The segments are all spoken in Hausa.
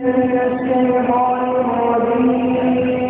الشيطان الرجيم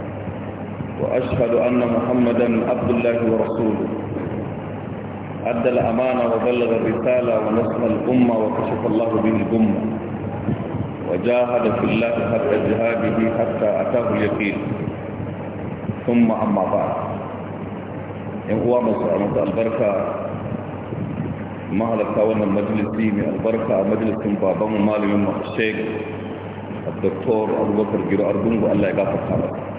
وأشهد أن محمدا عبد الله ورسوله أدى الأمانة وبلغ الرسالة ونصر الأمة وكشف الله به الأمة وجاهد في الله حتى جهاده حتى أتاه اليقين ثم أما بعد إن هو مسألة البركة مهلا كون المجلس mai albarka البركة مجلس babanmu malamin من الشيخ الدكتور أبو بكر giro argungu allah ya gafarta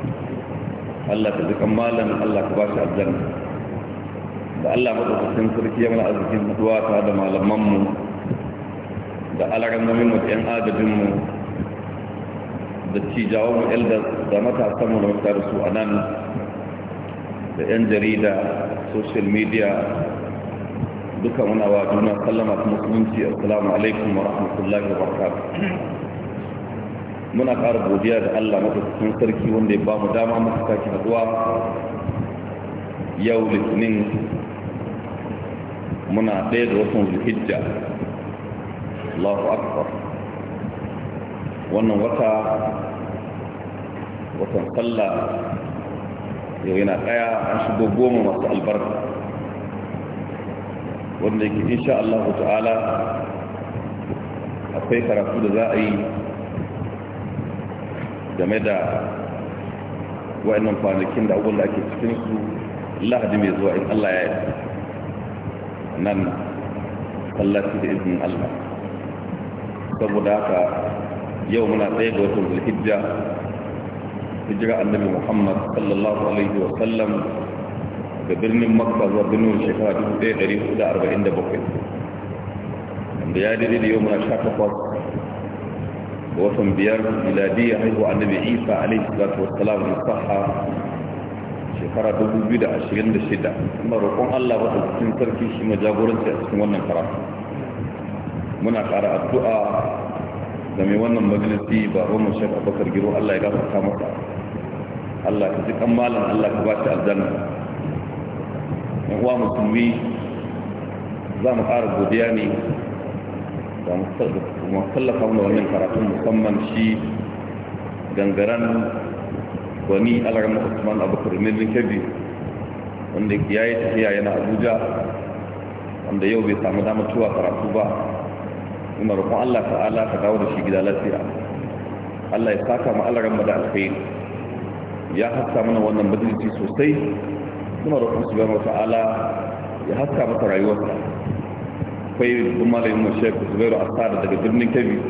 Allah ka dukan malam Allah ka ba shi aljanna da Allah madaukakin sarki ya mana arzikin mutuwa ta da malamanmu da alarammomin mu ɗan agajinmu da cijawan mu elders da matasan mu da mutar su a nan da 'yan jarida social media duka muna wa juna sallama ta musulunci assalamu alaikum wa rahmatullahi wa barakatuh muna ƙara godiya da Allah madaukakin sarki wanda ya ba mu dama masu sake haduwa yau litinin muna ɗaya da watan zuhijja. Allahu akbar wannan wata watan sallah yau yana ɗaya an shigo goma masu albarka wanda yake insha Allah ta'ala akwai karatu da za a yi game da wa'annan kwanakin da abubuwan da ake su, lahadi mai zuwa in allah ya yi nan Allah tallafi da izinin allah saboda haka yau muna tsaye ga watan zulhijja hijira annabi muhammad sallallahu alaihi wa sallam da birnin makka zuwa birnin shekara 1447 wanda ya daidai da yau muna 18 وطن بيار ميلادية حيث أن النبي عيسى عليه الصلاة والسلام يصحى شكرا دوبو بيدا عشرين بشدة ما رقم الله وطن سنتر في شما جابورن سيأسكم ونن قرار منا قراء الدعاء لمي ونن مجلسي بارون الشيخ أبو كرجيرو الله يقاف الخامسة الله كتك أمالا الله كباشي الجنة هو مسلمي زام قارب ودياني زام قارب kuma tallafa mana wannan karatun musamman shi gangaren wani alarma usman abubakar mirin kebbi wanda ya yi tafiya yana abuja wanda yau bai samu damar tuwa karatu ba ina roƙon allah ta'ala ka dawo da shi gida lafiya allah ya saka ma mu da alkhairi ya haska mana wannan majalisi sosai ina roƙon su gama ta'ala ya haska masa rayuwarsa akwai malamin mu shek zubairu asada daga birnin kebbi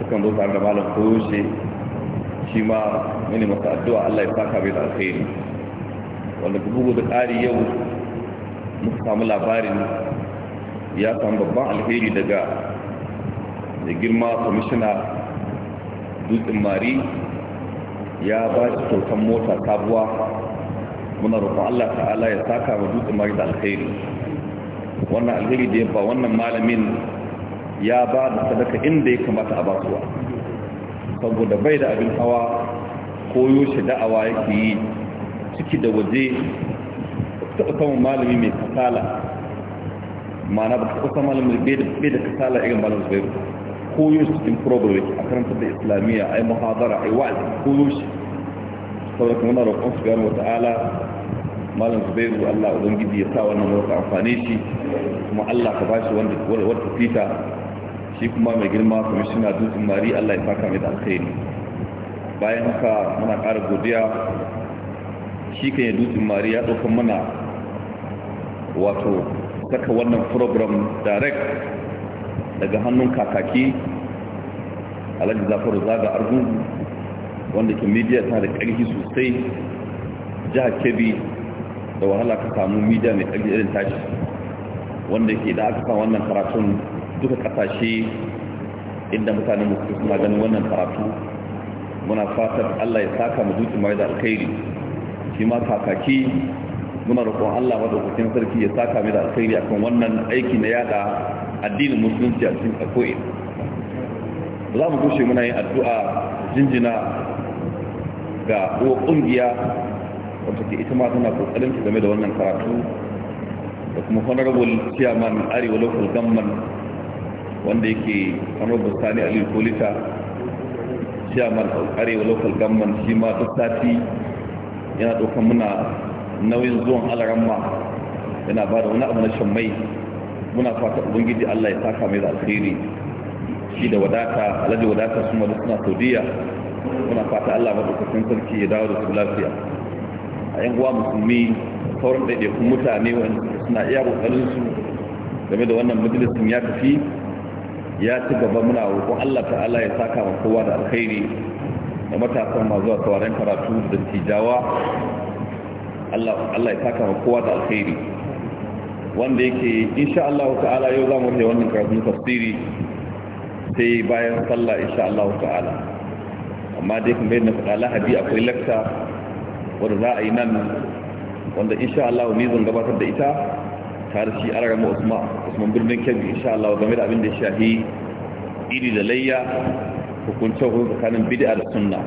sukan zo tare da malam koshe shi ma mini masa addu'a allah ya saka bai da alkhairi wanda bugu da ƙari yau muka samu labarin ya samu babban alkhairi daga da girma kwamishina dutsen mari ya ba shi kyautan mota sabuwa muna roƙon allah ta'ala ya saka ma dutsen mari da alkhairi wannan alheri da ya wannan malamin ya ba da sadaka inda ya kamata a basuwa saboda bai da abin hawa koyo shi da'awa yake yi ciki da waje taɓa samun malami mai kasala ma'ana ba taɓa samun malami bai da kasala irin malam zubairu koyo shi cikin program a karantar da islamiyya a yi muhadara a yi wa'azi koyo shi saboda kuma na roƙon su gano wata'ala malam zubairu allah ubangiji ya sa wannan wata amfani shi kuma allah ka bashi wanda wata fita shi kuma mai girma kwamishina dutsen mari allah ya saka mai da alkhairi bayan haka muna ƙara godiya shi kan yi dutsen mari ya ɗaukan mana wato saka wannan program direct daga hannun kakaki alhaji zafaru zaga argungu wanda ke media ta da ƙarfi sosai jihar kebbi da wahala ka samu media mai tsarki irin tashi wanda ke da aka kan wannan karatun duka kasashe inda mutane mutu suna ganin wannan karatu muna fatar Allah ya saka mu zuci mai da alkhairi shi ma kakaki muna roƙon Allah dokokin sarki ya saka mu da alkhairi akan wannan aiki na yada addinin musulunci a cikin kakoe za mu gushe muna yin addu'a jinjina ga ƙungiya wata ke ita ma tana kokarin ki game da wannan karatu da kuma honorable chairman arewa local government wanda yake honorable sani ali kolita chairman arewa local government shi ma ta sati yana ɗaukar muna nauyin zuwan alaramma yana ba da wani abu na shan mai muna fata ubangiji allah ya saka mai da alheri shi da wadata alhaji wadata su ma suna saudiya muna fata allah maɗaukakin sarki ya dawo da su lafiya a yan uwa musulmi sauran kun mutane suna iya ƙoƙarinsu game da wannan majalisun ya tafi ya ci gaba muna roƙon Allah ta'ala ya saka wa kowa da alkhairi da matasan ma zuwa sauraren karatu da tijawa Allah ya saka wa kowa da alkhairi wanda yake insha Allah ta'ala yau za mu rufe wannan karatun tafsiri sai bayan sallah insha Allah ta'ala amma dai kuma yadda faɗa lahabi akwai lakta wanda za a yi nan wanda insha Allah ne zan gabatar da ita tare shi an rama Usman Usman birnin Kebbi insha Allah game da abin da ya shahi iri da layya hukuncin hukuncin tsakanin bid'a da sunna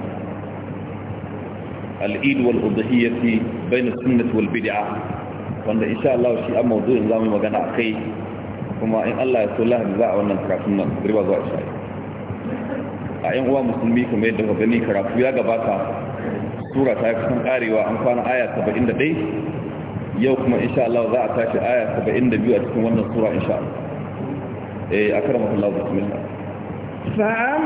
al-eid wal udhiyyati bain as-sunnah wal bidia wanda insha Allah shi an mawdu'in zamu magana akai kuma in Allah ya so lahi za a wannan karatun nan girba zuwa isha'i a yan uwa musulmi kuma yadda ka gani karatu ya gabata sura ta kusan karewa an kwana aya 71 yau kuma insha Allah za a tashi aya 72 a cikin wannan sura insha Allah eh akramakallahu bismillah fa'am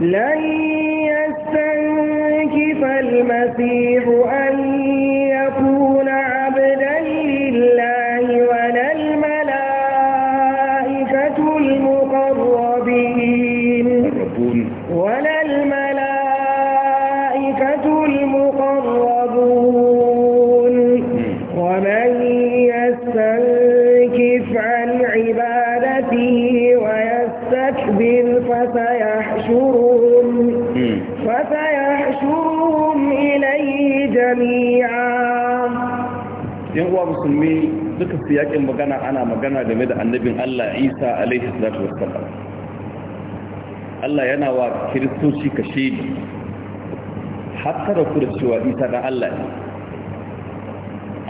لن يستنكف المسيح Kowa musulmi duka su yakin magana ana magana game da annabin Allah Isa alaihi salatu wassalam Allah yana wa kiristoci kashe ni hatta da ku da cewa Isa da Allah ne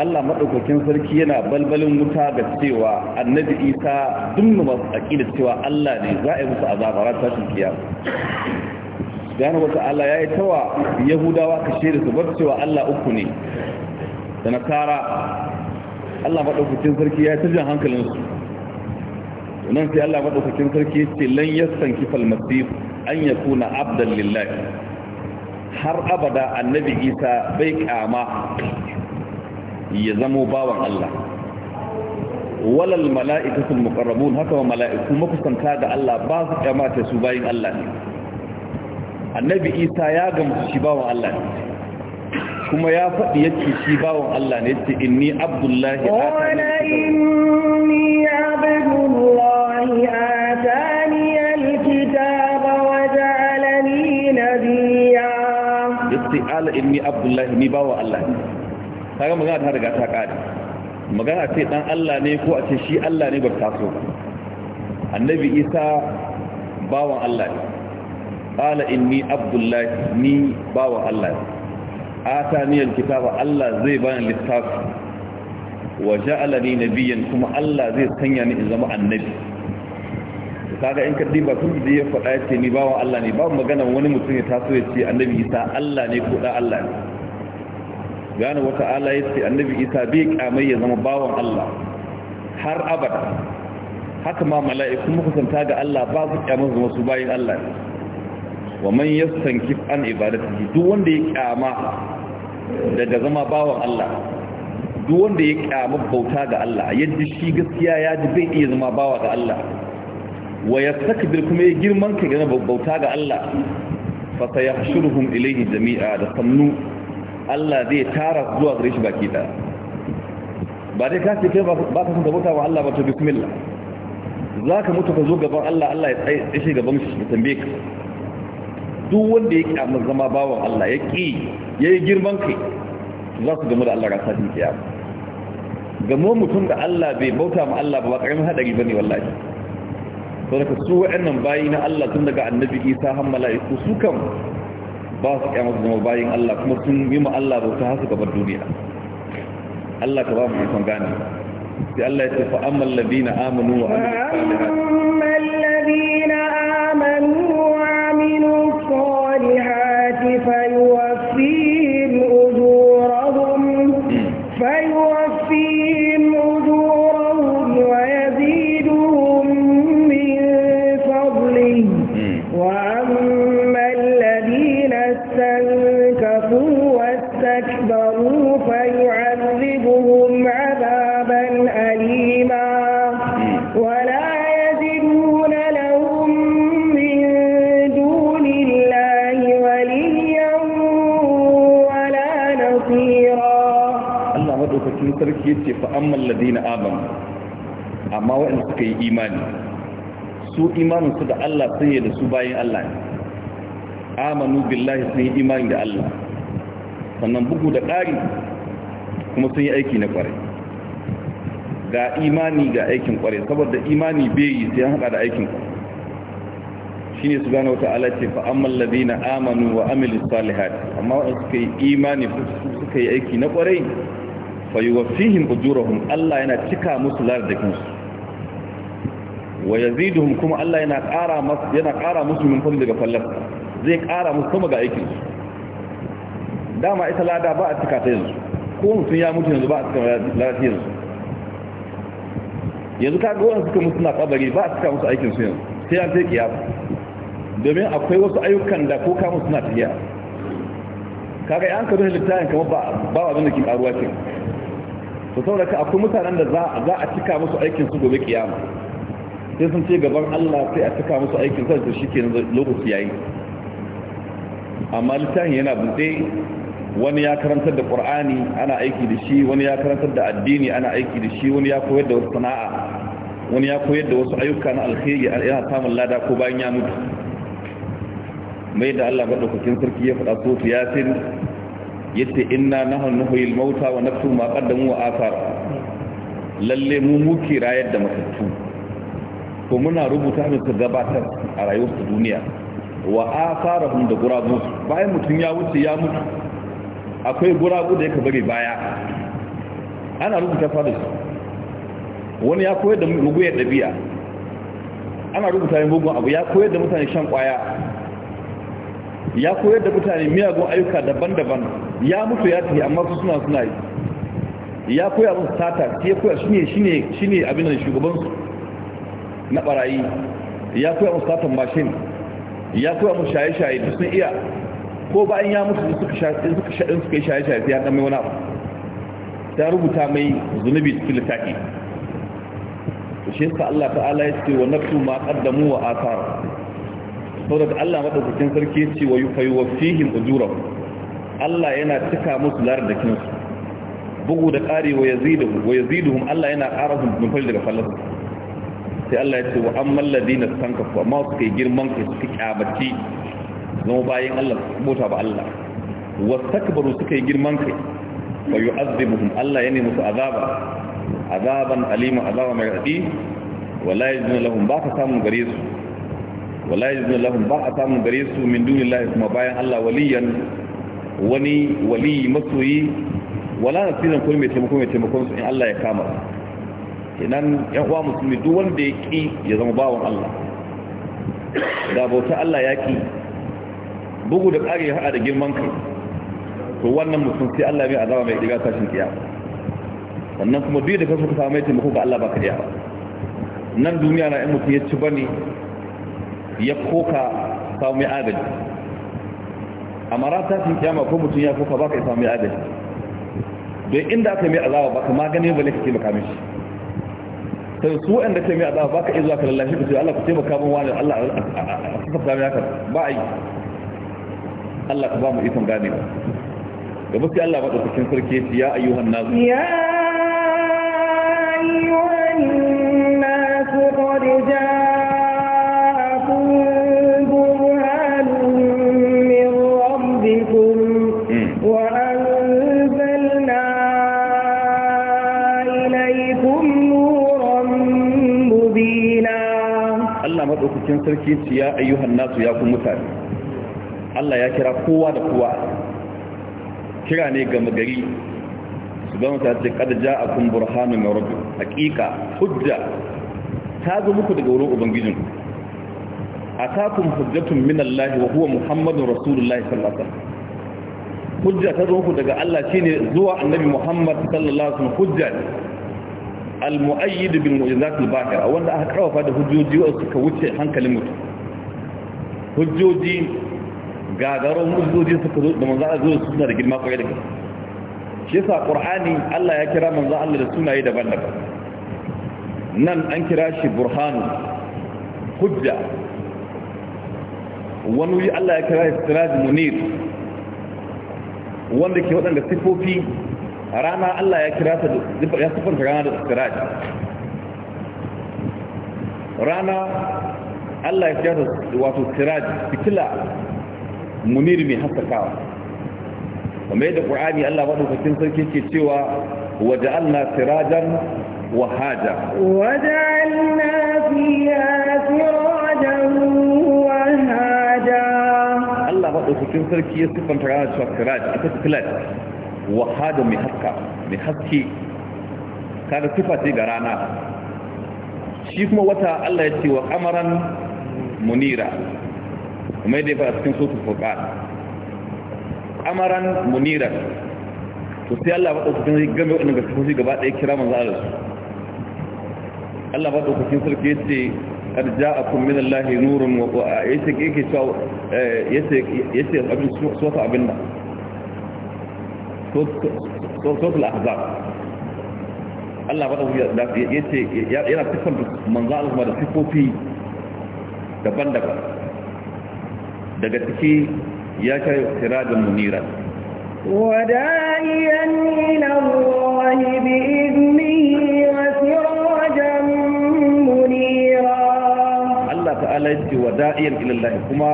Allah madaukakin sarki yana balbalin wuta ga cewa annabi Isa ba masu aqida cewa Allah ne za a yi musu azaba ran tashin kiyama Allah ya yayi tawa yahudawa kashe da su bar cewa Allah uku ne da nasara Allah madaukakin sarki ya tarjan hankalin su nan sai Allah madaukakin sarki ce lan yasanki fal masih an yakuna abdan lillahi har abada annabi Isa bai kama ya zamo bawan Allah walal mala'ikatul muqarrabun haka wa mala'iku makusanta da Allah ba su kamata su bayin Allah ne annabi Isa ya gamsu shi bawan Allah ne kuma ya faɗi yake shi bawan Allah ne ce inni abdullahi qala inni abdullahi atani alkitaba wa ja'alani nabiyya yace ala inni abdullahi ni bawan Allah ne kaga magana ta riga ta kare magana ce dan Allah ne ko a ce shi Allah ne ba ta so annabi Isa bawan Allah ne qala inni abdullahi ni bawan Allah ne ataniyal kitaba Allah zai bani littafi wa ja'alani nabiyyan kuma Allah zai sanya ni in zama annabi kaga in kaddi ba tun da ya faɗa ya ce ni bawa Allah ne babu magana wani mutum ya taso ya ce annabi Isa Allah ne ko da Allah ne gane wata ala ya ce annabi Isa bai kamai ya zama bawan Allah har abada haka ma mala'iku makusanta ga Allah ba su kyamar zama su bayin Allah ne wa man yastankif an ibadatihi duk wanda ya kyama daga zama bawan Allah duk wanda ya kyamu bauta ga Allah yadda shi gaskiya ya ji bai iya zama bawa ga Allah wa yastakbir kuma ya girman ka gane bauta ga Allah fa sayahshuruhum ilayhi jami'a da sannu Allah zai tara zuwa gare shi baki da. ba dai ka ce kai ba ka san bauta wa Allah ba to bismillah zaka mutu ka zo gaban Allah Allah ya tsaye gaban shi ya tambaye ka duk wanda ya kyamar zama bawan Allah ya ƙi ya yi girman kai za su gamu da Allah rasa din ƙiya. gamo mutum da Allah bai bauta ma Allah ba karamin hadari bane wallahi to daga su wa'annan bayi na Allah tun daga annabi Isa har mala'iku su kan ba su kyamar zama bayin Allah kuma sun yi ma Allah bauta har su gabar duniya Allah ka ba mu ikon gane sai Allah ya ce fa amman ladina amanu wa amilus salihati amma ladina amanu amma waɗanda suka yi imani su imanin su da Allah sun yi da su bayan Allah ne amanu billahi sun yi imani da Allah sannan bugu da ƙari kuma sun yi aiki na ƙwarai ga imani ga aikin ƙwarai saboda imani bai yi sai an haɗa da aikin ƙwarai shine su gane wata ala ce fa amman ladina amanu wa amilu salihati amma waɗanda suka yi imani suka yi aiki na ƙwarai fa yuwaffihim ujurahum Allah yana cika musu lardakin su wa yaziduhum kuma Allah yana ƙara musu yana ƙara musu min fadli daga fallar zai ƙara musu kuma ga aikin dama ita lada ba a cika ta yanzu ko mutum ya mutu yanzu ba a cika lada yanzu yanzu ka gowa suka musu na kabari ba a cika musu aikin su yanzu sai an sai kiyasa domin akwai wasu ayyukan da ko kamun suna tafiya kaga yan ka littafin kamar ba ba wani da ke karuwa ce. to saboda ka akwai mutanen da za a cika musu aikin su gobe kiyama sai sun ce gaban Allah sai a cika musu aikin sai su ne lokaci yayi amma littafin yana bude wani ya karantar da Qur'ani ana aiki da shi wani ya karantar da addini ana aiki da shi wani ya koyar da wasu sana'a wani ya koyar da wasu ayyuka na alkhairi yana samun lada ko bayan ya mutu mai da Allah madaukakin sarki ya faɗa so fiyasin yace inna nahnu nuhyil mauta wa naktubu ma qaddamu wa athar lalle mu muke rayar da matattu ko muna rubuta mu su gabatar a rayuwar duniya wa atharuhum da gurabu bayan mutun ya wuce ya mutu akwai gurabu da yake bari baya ana rubuta fadis wani ya koyar da ya dabiya ana rubuta yin mugun abu ya koyar da mutane shan kwaya ya koyar da mutane miyagun ayyuka daban-daban ya mutu ya tafi amma su suna suna yi ya koya musu sata ya koya shine shine shine abin da shugaban su na barayi ya koya musu satan mashin ya koya musu shaye-shaye duk sun iya ko bayan ya mutu suka shaye suka shaye suka yi shaye-shaye sai ya dan mai wani abu ta rubuta mai zunubi cikin littafi to shi yasa Allah ta'ala ya ce wa nafsu ma qaddamu wa athara Sau saboda Allah madaukakin sarki ce wa wa yufaywafihim ujurahum Allah yana cika musu lardakin su bugu da ƙari wa yaziduhum wa yaziduhum Allah yana ƙara su bin fal daga fallas sai Allah ya ce wa ammal ladina tankafu amma su kai girman kai suka kyamaci. zama bayan Allah mota ba Allah wastakbaru suka yi girman kai wa fa yu'azzibuhum Allah ya musu azaba azaban alima azaba mai raɗi, wala yajnu lahum ba ka samu gare su wala yajid lahum ba a samun gare su min dunillahi kuma bayan Allah waliyan wani wali masoyi wala nasiran ko mai taimako mai taimakon su in Allah ya kama kenan yan uwa musulmi duk wanda ya ki ya zama bawan Allah da bauta Allah ya ki bugu da ƙari ya haɗa da girman kai to wannan mutum sai Allah mai azaba mai diga tashin kiya sannan kuma duk da kasu ka samu mai taimako ga Allah ba ka diya nan duniya na in mutum ya ci bane ya koka samu mai adali a ran tashin kiyama ko mutum ya koka baka ya samu mai adali don inda aka mai azaba baka magani ba ne ka taimaka mishi sai su wanda ka mai azaba baka izuwa ka lallashi ku ce Allah ku taimaka min wani Allah a suka sami haka ba a yi Allah ka ba mu ikon gane ba gaba sai Allah maɗaukakin sarki ya ayyuhan nazu ya ayyuhan nazu qad jaa sarki ce ya ayyuhan nasu ya ku mutane Allah ya kira kowa da kowa kira ne ga magari su gama ta ce kada ja a kun burhanu mai rabu hakika hujja ta zo muku daga wurin ubangijin a takun hujjatun min Allah wa huwa muhammadun rasulullahi sallallahu alaihi wasallam hujja ta zo muku daga Allah shine zuwa annabi muhammad sallallahu alaihi wasallam hujja al-mu'ayyid bil mu'jizat al-bahira wanda aka karfafa da hujjoji wa suka wuce hankalin mutum hujjoji gagaron hujjoji suka zo da manzo Allah zo suna da girma kwaye da gaske shi yasa qur'ani Allah ya kira manzo Allah da sunaye daban-daban nan an kira shi burhanu hujja wani Allah ya kira shi siraj munir wanda ke waɗanda sifofi rana Allah ya kira ta ya sifanta rana da istiraj rana Allah ya kira ta wato istiraj fitila munir mai haskakawa kuma yadda Qur'ani Allah madaukakin sarki ke cewa waja'alna sirajan wahaja waja'alna fiha sirajan wahaja Allah madaukakin sarki ya sifanta rana da istiraj ita fitila wahada mai haska mai haske kada tufa ce ga rana shi kuma wata Allah ya ce wa kamaran munira kuma yadda ya fara cikin sotu fuka kamaran munira to sai Allah ba daukakin game waɗannan ga sifofi gaba ɗaya kira manzo Allah Allah ba daukakin sarki yace a kun minan lahi nurin wa yace yake cewa eh, yace yace abin suwata abin nan sautul ahzab Allah faɗa wuya ya ce yana siffar manzo Allah kuma da siffofi daban-daban daga ciki ya kai sirajin munira وداعيا إلى الله بإذنه وسراجا منيرا الله تعالى يجي وداعيا إلى الله كما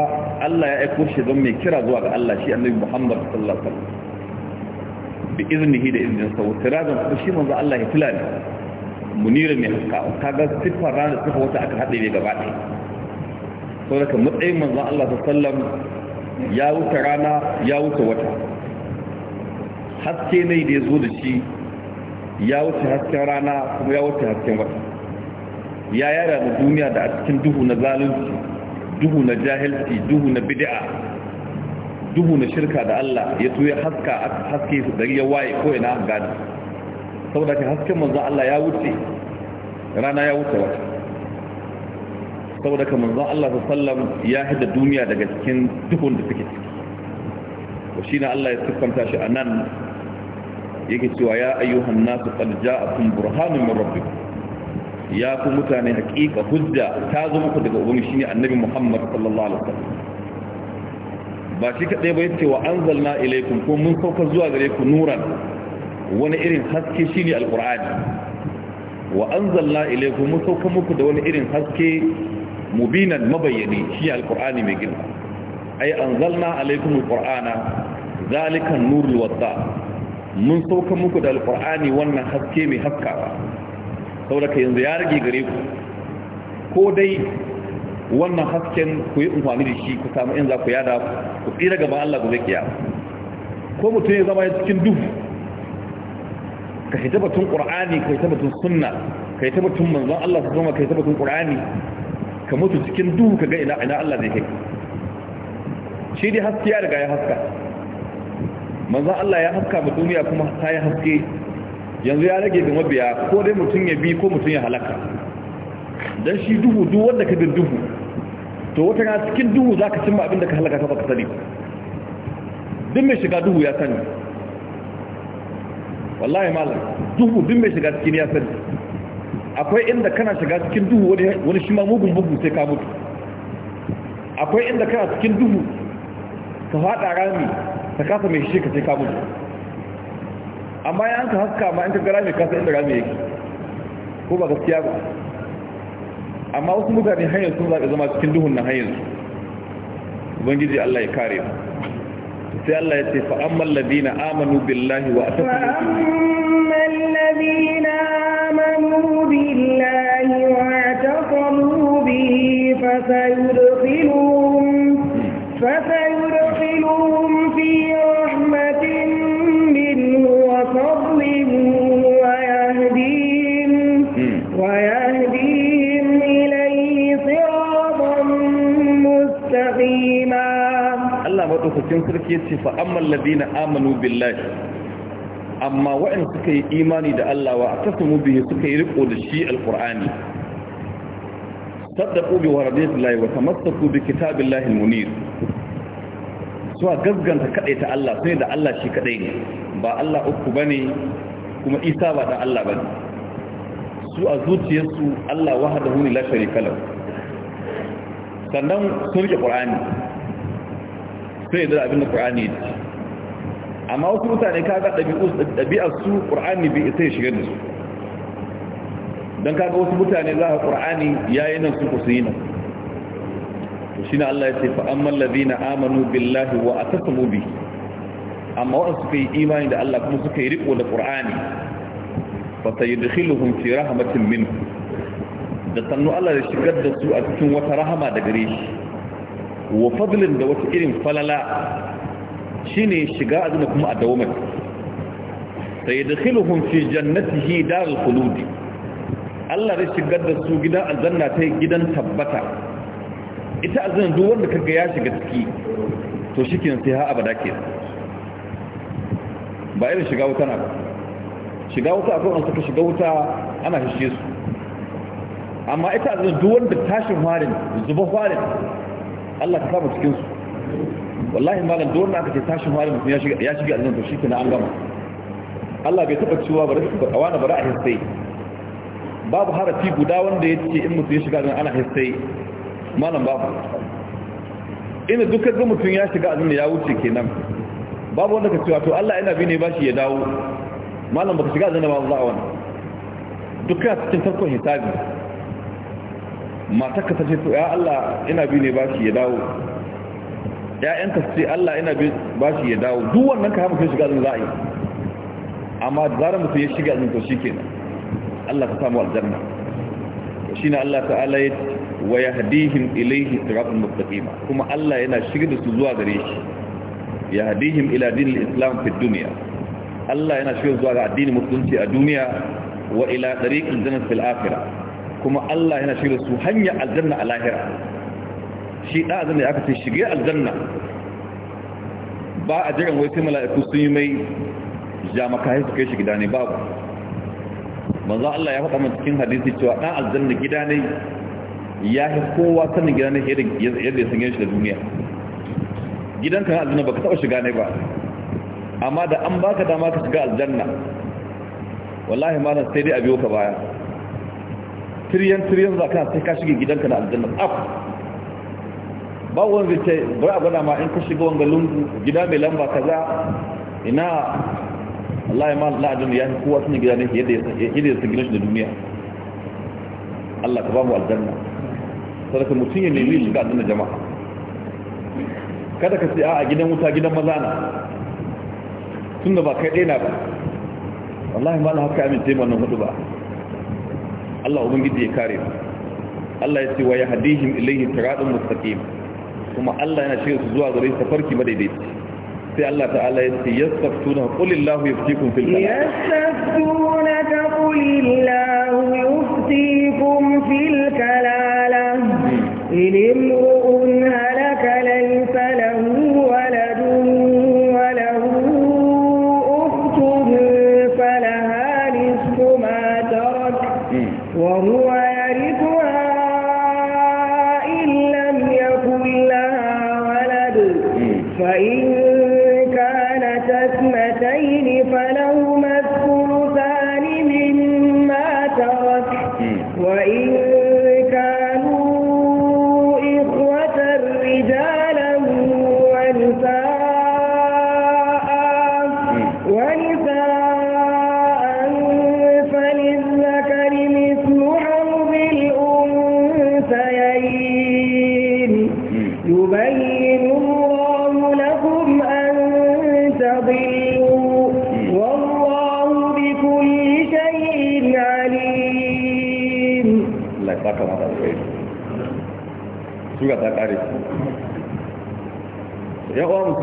الله يأكوش ذمي كرا زواج الله شيء النبي محمد صلى الله عليه وسلم bi iznihi da iznin sa sirajan kuma shi manzo Allah ya fulani munira mai haska kaga sifar da sifar wata aka haɗe ne gaba ɗaya sau daga matsayin manzo Allah sallam ya wuce rana ya wuce wata haske ne da ya zo da shi ya wuce hasken rana kuma ya wuce hasken wata ya yara da duniya da a cikin duhu na zalunci duhu na jahilci duhu na bid'a duhu na shirka da Allah ya tuye haska haske dari ya waye ko ina gani saboda ka hasken manzo Allah ya wuce rana ya wuce wata saboda ka manzo Allah sallam ya hada duniya daga cikin duhun da take ciki to shine Allah ya siffanta shi anan yake cewa ya ayyuhan nasu qad ja'akum burhanun min rabbikum ya ku mutane hakika hujja ta zo muku daga ubangiji shine annabi Muhammad sallallahu alaihi wasallam ba shi kaɗai ba yace wa anzalna ilaikum ko mun sauka zuwa gare ku nuran wani irin haske shi ne Alƙur'ani. wa anzalna ilaikum mun sauka muku da wani irin haske mubinan mabayyani shi ne Alƙur'ani mai girma Ai an anzalna alaikum alqur'ana zalikan nurul wasa. mun sauka muku da Alƙur'ani wannan haske mai haskawa saboda yanzu ya rage gare ku ko dai wannan hasken ku yi amfani da shi ku samu in za ku yada ku tsira gaban Allah gobe kiyama ko mutum ya zama ya cikin duhu ka yi tabbatun ƙur'ani ka yi tabbatun sunna ka yi tabbatun manzon Allah su zama ka yi tabbatun ƙur'ani ka mutu cikin duhu ka ga ina ina Allah zai kai shi dai haske ya riga ya haska manzon Allah ya haska mu duniya kuma ta ya haske yanzu ya rage ga mabiya ko dai mutum ya bi ko mutum ya halaka dan shi duhu duk wanda ka bi duhu to wata na cikin duhu za ka cimma abin da ka halaka ta baka sani duk mai shiga duhu ya sani wallahi malam duhu duk mai shiga cikin ya sani akwai inda kana shiga cikin duhu wani shi ma mugun bugu sai ka mutu akwai inda kana cikin duhu ka faɗa rami ka kasa mai shi ka sai ka mutu amma ya an ka haska ma in ka gara mai kasa inda rami yake ko ba gaskiya ba amma wasu mutane hanyar sun zaɓi zama cikin duhun na hanyar su ubangiji Allah ya kare mu sai Allah ya ce fa amman ladina amanu billahi wa ataqu billahi wa ataqu bihi fa sarki ce fa amman ladina amanu billahi amma waɗanda suka yi imani da Allah wa a akasamu bihi suka yi riko da shi alqur'ani saddaqu bi waradatillahi wa tamassaku bi kitabillahi almunir suwa gaskanta kaɗai ta Allah sai da Allah shi kaɗai ne ba Allah uku ba ne, kuma Isa ba da Allah ba ne. su a zuciyarsu Allah wahdahu la sharika lahu sannan sun riƙe ƙur'ani. sun yi da abin da ƙur'ani ne amma wasu mutane kaga ga ɗabi'ar su ƙur'ani bai isa ya shiga da su don kaga wasu mutane za a ƙur'ani ya yi nan su kusa yi nan shi na Allah ya ce fa fa'amman lazina amanu billahi wa a tasamu bi amma waɗanda suka yi imani da Allah kuma suka yi riƙo da ƙur'ani ba ta yi dukkanin fi rahamatin min da sannu Allah ya shigar da su a cikin wata rahama da gare shi wa fadlin da wata irin falala shine shiga azna kuma a dawamar sai da fi jannatihi al khulud Allah zai shigar da su gidan aljanna ta gidan tabbata ita aljanna duk wanda kaga ya shiga ciki to shikenan sai ha abada ke ba irin shiga wuta na ba shiga wuta akwai wanda suka shiga wuta ana shishe su amma ita aljanna duk wanda tashin harin zuba harin Allah ka samu cikin su wallahi malam duk wanda aka ce tashin hali mutum ya shiga ya shiga cikin shi kana an gama Allah bai taba cewa bari su kawa wani bara a hissai babu harafi guda wanda ya ce in mutum ya shiga aljanna ana hissai malam babu ina duka ga mutum ya shiga aljanna ya wuce kenan babu wanda ka cewa to Allah ina bi ne bashi ya dawo malam baka shiga zanen ba za a wani duka cikin farkon hisabi matar ka ce to ya Allah ina bi ne bashi ya dawo 'ya'yanka su ce Allah ina bi bashi ya dawo duk wannan ka hafa kai shiga zan za'a yi amma zarar mutum ya shiga zan to shikenan Allah ka samu aljanna shine Allah ta'ala ya wa yahdihim ilayhi siratal mustaqima kuma Allah yana shigar da su zuwa gare shi yahdihim ila dinil islam fi dunya Allah yana shigar zuwa ga addinin musulunci a duniya wa ila tariqil jannati fil akhirah kuma Allah yana shirya su hanya aljanna a lahira shi da azan da aka ce shige aljanna ba a jiran wai sai mala'iku sun yi mai jamakai su kai shi gida ne babu manzo Allah ya faɗa mana cikin hadisi cewa dan aljanna gida ne ya yi kowa sanin gida ne yadda ya sanya shi da duniya gidan ka aljanna baka taɓa shiga ne ba amma da an baka dama ka shiga aljanna wallahi malam sai dai a biyo ka baya tiriyan tiriyan za ka sai ka shige gidanka da aljanna af ba wani zai ce bari a gwada ma in ka shiga wanga lungu gida mai lamba kaza ina Allah ya ma'ala ladun ya fi kowa suna gida ne yadda ya san gidan shi da duniya Allah ka ba mu aljanna sadaka mutum ya nemi shiga aljanna jama'a kada ka ce a gidan wuta gidan maza na tunda ba kai ɗaya na ba wallahi ma Allah haka amince wannan hudu ba Allah ubangiji ya kare su Allah ya ce wa ya yahdihim ilayhi siratun mustaqim kuma Allah yana shirya su zuwa gare su farki madaidaici sai Allah ta'ala ya ce yastaftuna qulillahu yuftikum fil talaq yastaftuna qulillahu yuftikum fil kalala hmm. in imru'un halala Gracias.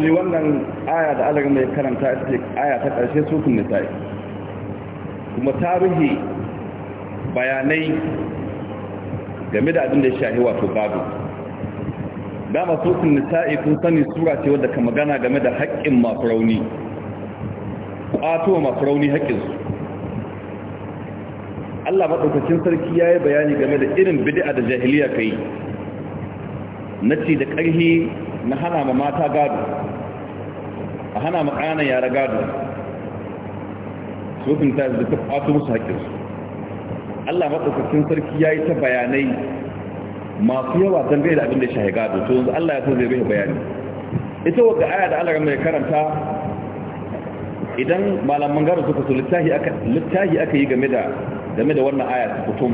fasli wannan aya da alaga mai karanta ita aya ta ƙarshe sukun nisa'i kuma tarihi bayanai game da abin da ya shahi wato babu dama sukun nisa'i kun sani sura ce wadda ka magana game da haƙƙin masu rauni ƙwato masu rauni haƙƙinsu Allah maɗaukacin sarki ya yi bayani game da irin bidi'a da jahiliya ka yi na ci da ƙarhi na hana ma mata gado hana mu ƙananan yara gado su sun ta da ta kwato musu haƙƙinsu Allah maɗaukakin sarki ya yi ta bayanai masu yawa don bai da abin da shi shahi gado to yanzu Allah ya so zai bai bayani ita wadda aya da Allah ya karanta idan malam gado suka so littahi aka yi game da game da wannan aya ta fitum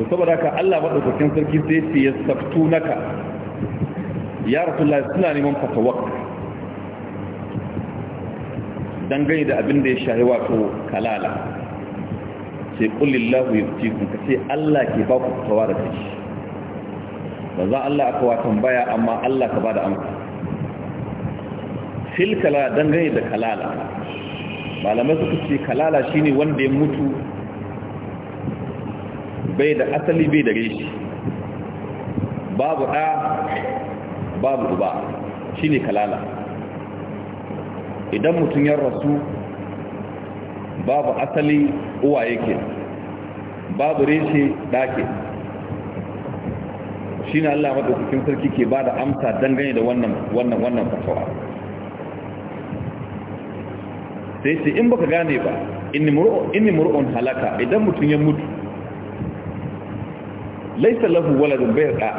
to saboda haka Allah maɗaukakin sarki sai ce ya saftu naka ya rasulullahi suna neman fatawak dangane da abin da ya shahi wato kalala sai kullillahu yuftikum ka ce Allah ke ba ku fitawa da kai ba za Allah aka wa tambaya amma Allah ka ba da amsa fil kala dangane da kalala malamai suka ce kalala shine wanda ya mutu bai da asali bai da reshi babu ɗa babu uba shine kalala idan mutum ya rasu babu asali uwa yake babu reshe dake shi ne Allah maɗaukakin sarki ke ba da amsa dangane da wannan fatawa fasawa sai ce in baka gane ba inni mur'un halaka idan mutum ya mutu laisa lahu waladun bai da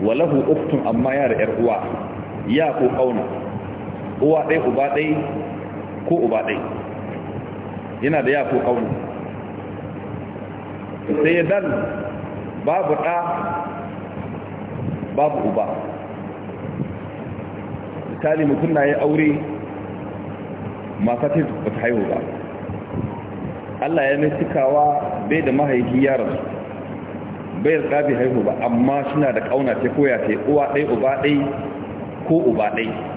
wa lahu uktun amma yara yar uwa ya ko kauna uwa ɗai uba ɗai ko uba ɗai yana da ya ko ƙaunu sai ya dan babu ɗa babu uba misali mutum na ya aure mata ba ta haihu ba Allah ya mai cikawa bai da mahaifi ya rasu bai da tsabi haihu ba amma suna da ƙauna ce koya ce uwa ɗai uba ɗai ko uba ɗai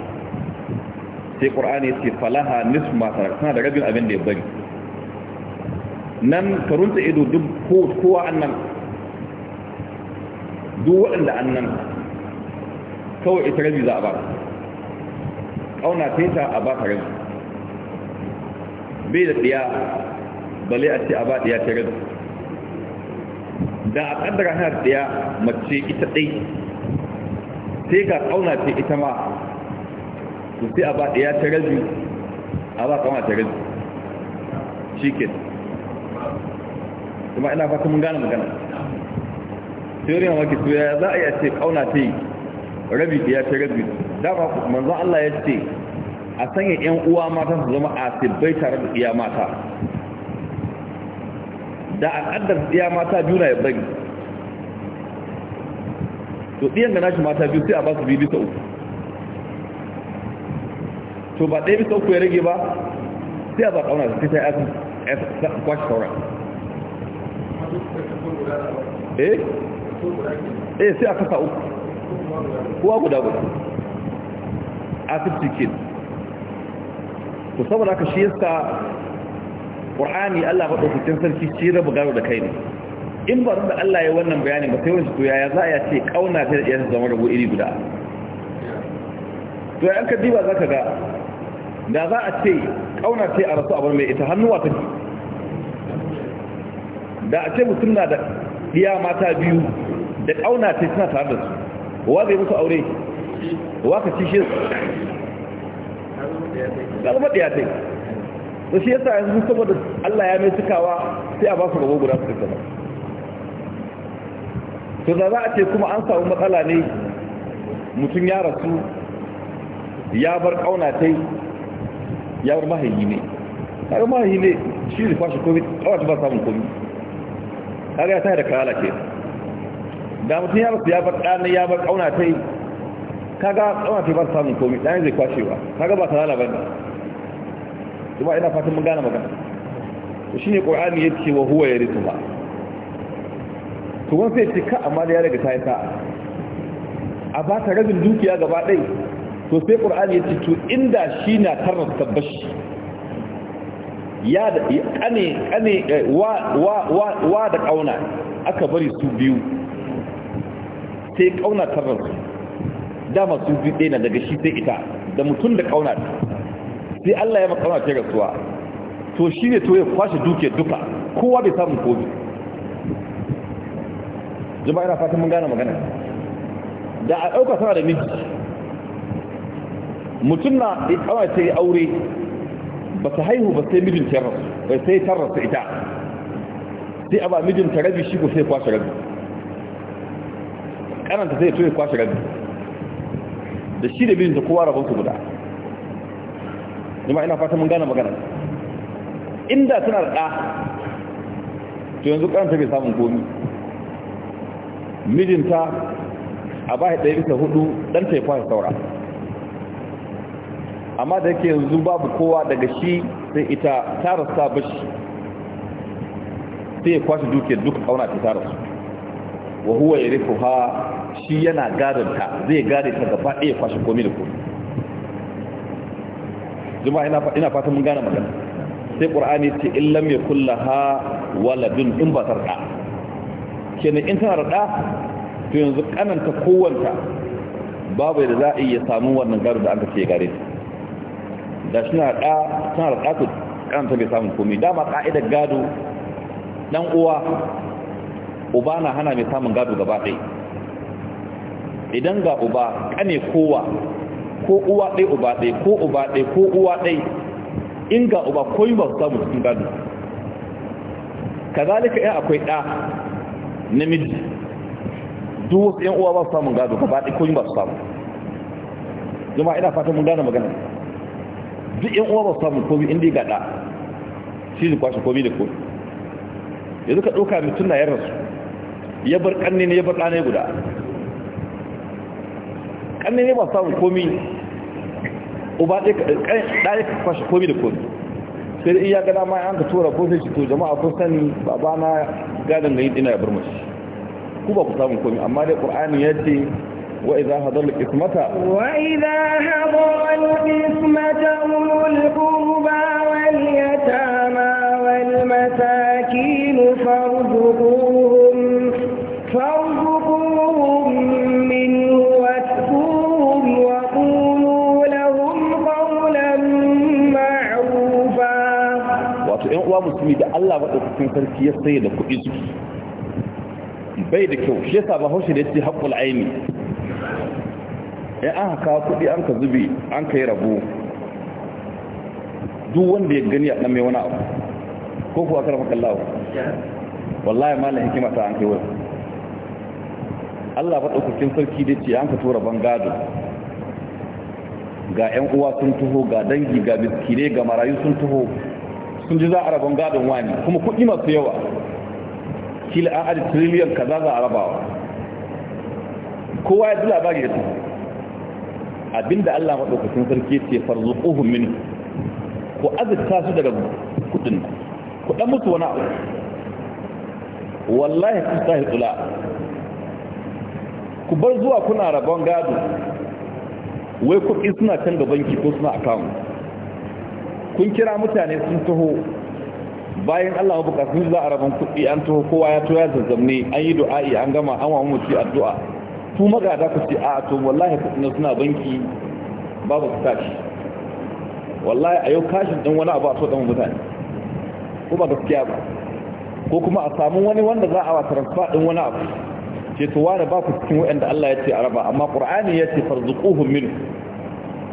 sai ƙur'ani ce falaha nisf ma tarak da rabin abin da ya bari nan karunta ido duk kowa annan duk waɗanda annan kawai ita rabi za a ba ƙauna ta yi ta a ba ta rabi bai da ɗiya bale a ce a ba ɗiya ta rabi da a ƙaddara hana ɗiya mace ita ɗai sai ka ƙauna ce ita ma to sai a ba ɗaya ta rabi a ba kama ta rabi shi ke kuma ina fata mun gane magana teori na maki ya za a yi a ce kauna ta yi rabi ɗaya ta rabi dama manzo Allah ya ce a sanya 'yan uwa mata su zama a sibbai tare da iya mata da a ƙaddar iya mata juna ya bari to ɗiyan ga nashi mata biyu sai a ba su biyu bisa uku to ba ɗaya bisa uku ya rage ba sai a zaɓa wani sai ta yi kwashe sauran eh? eh sai a kasa uku kowa guda guda asibiti kid to saboda haka shi yasa ƙur'ani Allah ba ɗaukacin sarki shi rabu gado da kai ne in ba da Allah ya wannan bayanin ba sai wani to yaya za a yi ce ƙauna ta da zama rabu iri guda to ya an ka diba za ka ga da za a ce kauna ce a rasu abar mai ita hannuwa ta da a ce mutum na da iya mata biyu da kauna ce suna tare da su wa zai musu aure wa ka ci shi kalmar da ya ce da shi yasa yanzu saboda Allah ya mai cikawa sai a ba su gaba guda su kama to da za a ce kuma an samu matsala ne mutum ya rasu ya bar kauna ta ya bar mahayi ne ya bar mahayi ne shi ne kwashe komi kawai ta ba samun komi kaga ya tayar da kala ke da mutum ya basu ya bar ɗana ya bar ƙauna ta yi kaga ƙauna ta ba su samun komi ɗana zai kwashewa kaga ba kalala ba ne kuma ina fatan mun gane magana to shine ya ce wa huwa ba to wani sai ce ka amma da ya daga ta yi ta a ba ta rabin dukiya gaba ɗai to sai qur'ani ya ce to inda shi na tarnas bashi, ya da kane kane eh, wa wa wa wa da kauna aka bari su biyu sai kauna tarnas dama su biyu ɗaya daga shi sai ita da mutum da kauna sai Allah ya makauna ta rasuwa to shi ne to ya kwashe duke duka kowa bai ko kobi jama'a ina fatan mun gane magana da a ɗauka sana da miji mutum na awa ta yi aure ba ta haihu ba sai mijin tarrasa ita sai a ba mijin ta rabi shi ko sai kwashe rabi karanta sai ya kwashe rabi da shi da mijinta kowa rabon su guda nima ina fata mun gane magana inda suna da ɗa to yanzu karanta bai samun komi mijinta a ba ya ɗaya bisa hudu ɗanta ya kwashe saura amma da yake yanzu babu kowa daga shi sai ita tarasa bashi sai ya kwashe dukiyar duk kauna ta tarasa wa huwa ya rufu ha shi yana gadanta zai gada ta gaba ɗaya kwashe komi da komi zuma ina fata mun gane magana sai ƙur'ani ce in lam ya kulla ha waladun in ba sarƙa kenan in tana raɗa to yanzu kananta kowanta babu yadda za a iya samu wannan gado da an ka ce gare ta da suna da suna da katu kanta bai samun komai dama ka'idar gado dan uwa uba na hana mai samun gado gaba ɗaya idan ga uba kane kowa ko uwa ɗaya uba ɗaya ko uba ɗaya ko uwa ɗaya in ga uba koyi ba su samu cikin gado kazalika yan akwai ɗa namiji duk wasu yan uwa ba su samun gado gaba ɗaya koyi ba su samu jama'a ina fatan mun gane magana duk yan uwa ba samu komi inda ga da shi ne kwashe komi da komi yanzu ka ɗauka mutum na yarrasu ya bar ƙanne ne ya bar ɗane guda ƙanne ne ba samu komi uba ɗaya ka kwashe komi da komi sai da iya gada ma an ka tura ko sai shi to jama'a ko sani babana gadon gani ɗina ya bar mashi ku ba ku samu komi amma dai ƙur'ani ya ce وإذا هضر القسمة وإذا هضر القسمة أولو القربى واليتامى والمساكين فارزقوهم فارزقوهم منه واتقوهم وقولوا لهم قولا معروفا wato ‘yan uwa musulmi da Allah maɗaukacin sarki ya sai da kuɗi su bai da kyau shi yasa ba in an haka kudi an ka zubi an ka yi rabu duk wanda ya gani a mai wani abu ko kuwa karfa kallawa wallahi ma na hikima ta an kai wani allah faɗa ɗaukakin sarki da ce an ka tura gado ga 'yan uwa sun tuho ga dangi ga biskire ga marayu sun tuho sun ji za a rabon gadon wani kuma kuɗi masu yawa kila an adi tiriliyan kaza za a rabawa kowa ya ji labari ya tuho abinda Allah maɗaukacin sarki ce farzuquhum min ku azurta su daga kudin ku dan musu wani abu wallahi ku tahi tsula ku bar zuwa kuna rabon gado wai kuɗi suna can ga banki ko suna account kun kira mutane sun taho bayan Allah buƙaci za a rabon kuɗi an taho kowa ya to ya zazzamne an yi du'a'i an gama an wa mutu addu'a ku magada ku ce a to wallahi na suna banki babu su wallahi a yau kashin ɗin wani abu a so ɗan mutane ko ba gaskiya ba ko kuma a samu wani wanda za a wa transfer ɗin wani abu ce to ware ba ku cikin waɗanda Allah ya ce a raba amma ƙur'ani ya ce farzuquhum min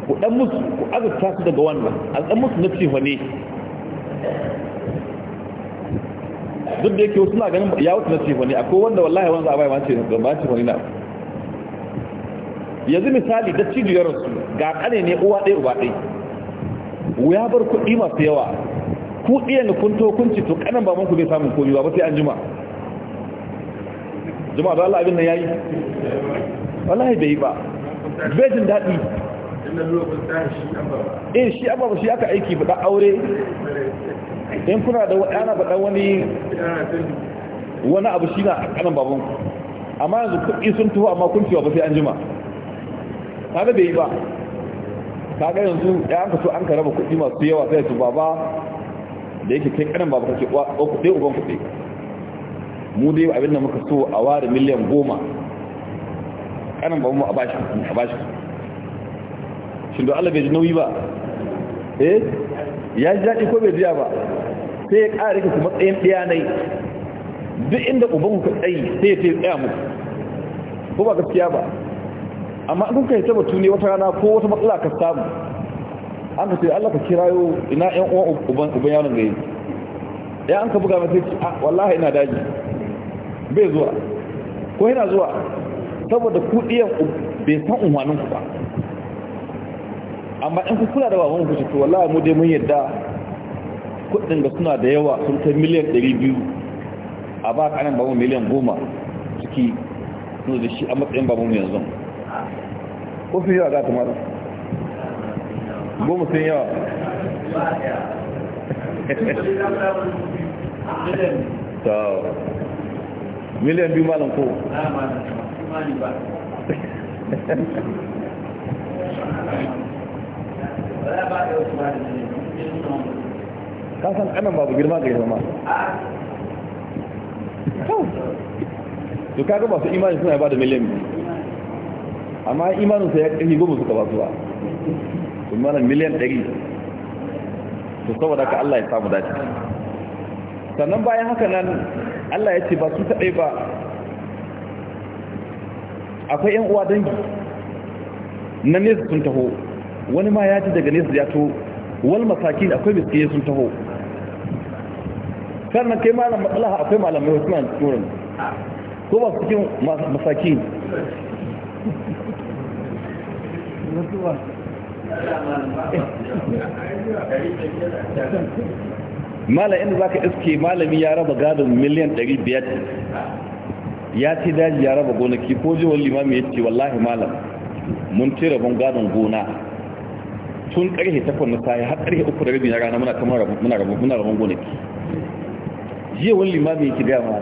ku dan musu ku azurta su daga wannan a dan musu na cewa ne duk da yake wasu na ganin ya wuce na cewa ne akwai wanda wallahi wanda za a bai ma ce ba ce wani na yanzu misali da cijiyarsu ga kane ne uwa ɗaya uba ɗaya ya bar kuɗi masu yawa ku ɗiya na kun to kun to kanan baban ku bai samun komi ba sai an jima jima da Allah abin nan yayi wallahi bai ba bai jin daɗi eh shi abba ba shi aka aiki ba da aure in kuna da wani ba wani wani abu shi na kanan babanku. amma yanzu kuɗi sun tuho amma kun ciwa ba sai an jima tare bai yi ba kaga yanzu ya an kaso an ka raba kuɗi masu yawa sai su baba da yake kai karan baba kake kwa kuɗe uban kuɗe mu dai abin da muka so a ware miliyan goma karan babu mu a bashi a bashi shin don Allah bai ji nauyi ba eh ya ji daɗi ko bai jiya ba sai ya ƙara rike kuma tsayin ɗaya na yi duk inda uban ku tsayi sai ya tsaya muku ko ba gaskiya ba amma in kai ta batu ne wata rana ko wata matsala ka samu an ka ce Allah ka kirayo ina ƴan uwan uban uban yaron gaye ya an ka buga mata ce a ah, wallahi ina daji bai zuwa ko yana zuwa saboda ku bai san unwanin ku ba amma in ku kula da baban ku ce wallahi mu dai mun yadda kudin da suna da yawa sun kai miliyan 200 a ba ka ba babu miliyan 10 ciki sun da shi a matsayin babu yanzu ko sun yawa za mara goma sun yawa miliyan biyu malam ko kasan kanan babu girma ga to kaga masu imani suna ba da miliyan biyu amma imaninsa ya ƙarfi goma suka ba zuwa imanin miliyan ɗari to saboda ka Allah ya samu dace sannan bayan haka nan Allah ya ce ba su kaɗai ba akwai ‘yan uwa dangi na nesa sun taho wani ma ya ji daga nesa ya to wal masakin akwai miskiye sun taho sannan kai malam matsalaha akwai malamai wasu na turin ko ba su cikin masakin mutuwa mala inda za ka iske malami ya raba gadon miliyan 500 ya ce daji ya raba gonaki ko jiwon limami ya ce wallahi malam mun ce rabon gadon gona tun karhe takwas na sayi har karhe uku da rabi na rana muna kamar muna rabon gonaki jiwon limami ya ce gama